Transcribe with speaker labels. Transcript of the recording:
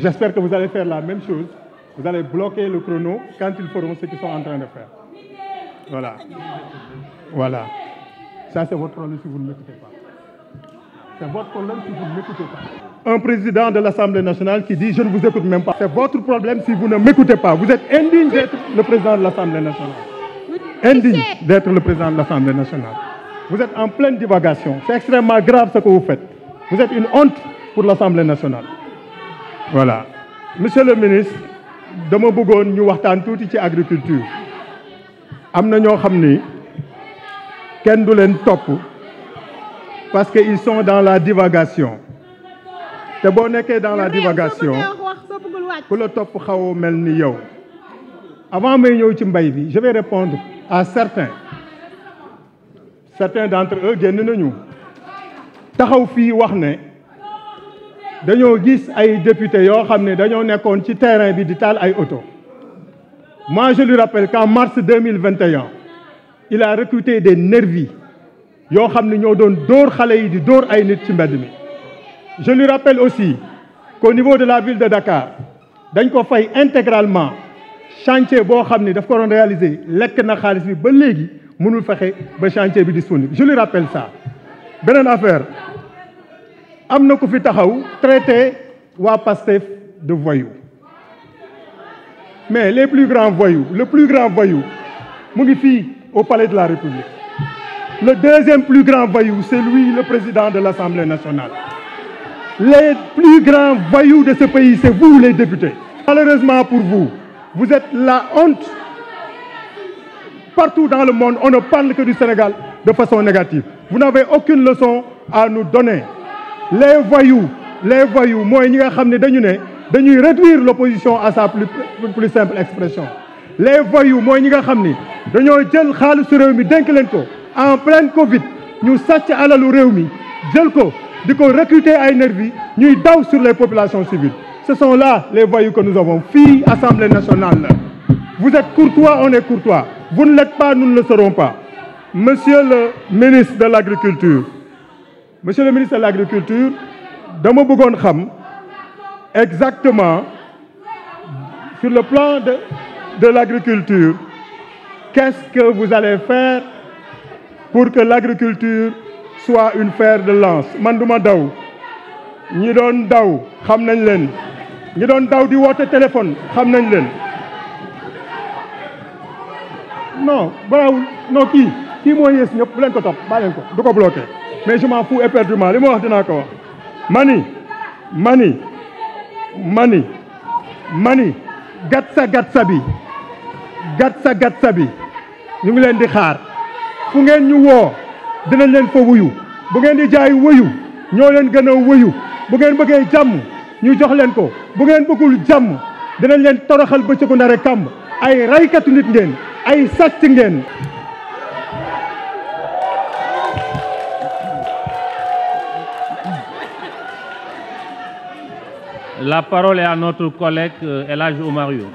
Speaker 1: J'espère que vous allez faire la même chose. Vous allez bloquer le chrono quand ils feront ce qu'ils sont en train de faire. Voilà. Voilà. Ça, c'est votre problème si vous ne m'écoutez pas. Un président de l'Assemblée nationale qui dit je ne vous écoute même pas. Vous êtes indigne d'être le président de l'Assemblée nationale. Indigne d'être le président de l'Assemblée nationale. Vous êtes en pleine divagation. C'est extrêmement grave ce ko vous faites. Vous êtes une honte pour l'Assemblée nationale. Voilà. Monsieur le ministre, dama bëggoon ñu waxtaan tuuti ci agriculture am na ñoo xam ni kenn du leen topp parce que ils son dans la divagation te boo nekkee dans la divagation ku la topp xaw mel ni yow avant may ñëw ci mbay mi je vais répondre à certains certains d'entre eux génn nañu taxaw fii wax ne dañoo gis ay députés yoo xam ne dañoo nekkoon ci terrain bi di taal ay oto moi je lui rappelle qu'en mars 2021 il a recruté des nervis yoo xam ne ñoo doon dóor xale yi di dóor ay nit ci mbedd mi je lui aussi ko niveau de la ville de Dakar dañ ko fay intégralement chantier boo xam ne daf ko doon réaliser lekk na xaalis bi ba léegi mënul fexe ba chantier bi disponible je lui rappelle ça beneen affaire am na ku fi taxaw traité waa Pastef de voyou mais les plus grands voyous le plus grand voyou mu ngi fii au palais de la République le deuxième plus grand voyou c'est lui le président de l'Assemblée nationale les plus grands voyous de ce pays c'est vous les députés malheureusement pour vous vous êtes la honte partout dans le monde, on ne parle que du Sénégal de façon négative. Vous n'avez aucune leçon à nous donner. mooy ñi les xam moi, dañu ne dañuy réduire l'opposition à sa plus, plus simple expression. mooy ñi moi, xam savons dañoo jël xaalisu réew mi dénk leen ko en pleine Covid ñu sàcc alalu réew mi jël ko di ko recruter ay nervis ñuy daw sur les populations civiles. Ce son là les voyous que nous avons fii Assemblée nationale la vous êtes courtois on est courtois. Vous ne l'êtes pas, nous ne pas. Monsieur le ministre de l'Agriculture, Monsieur le ministre de l'Agriculture, dama bëggoon xam exactement sur le plan de, de l'agriculture, qu'est-ce que vous allez faire pour que l'agriculture soit une faire de lance man duma daw ñi doon daw xam nañ leen ñi doon daw di woote téléphone xam nañ leen non barawul non kii kii moo yées ñëpp bu leen ko topp baa leen ko du ko bloqué mais je m'en fous éperdument li ma wax dinaa ko wax mani mani mani mani gatsa gatsa bi gatsa gatsa bi ñu ngi leen di xaar fu ngeen ñu woo dinañ leen fa wuyu ngeen di jaay wuyu ñoo leen gën a wuyu bu ngeen bëggee jàmm ñu jox leen ko bu ngeen bëggul jàmm dinañ leen toroxal bëccëgu ndare kàmb ay ray nit ngeen ay sàcc ngeen La parole est à notre collègue euh, El Hadj Oumar Youm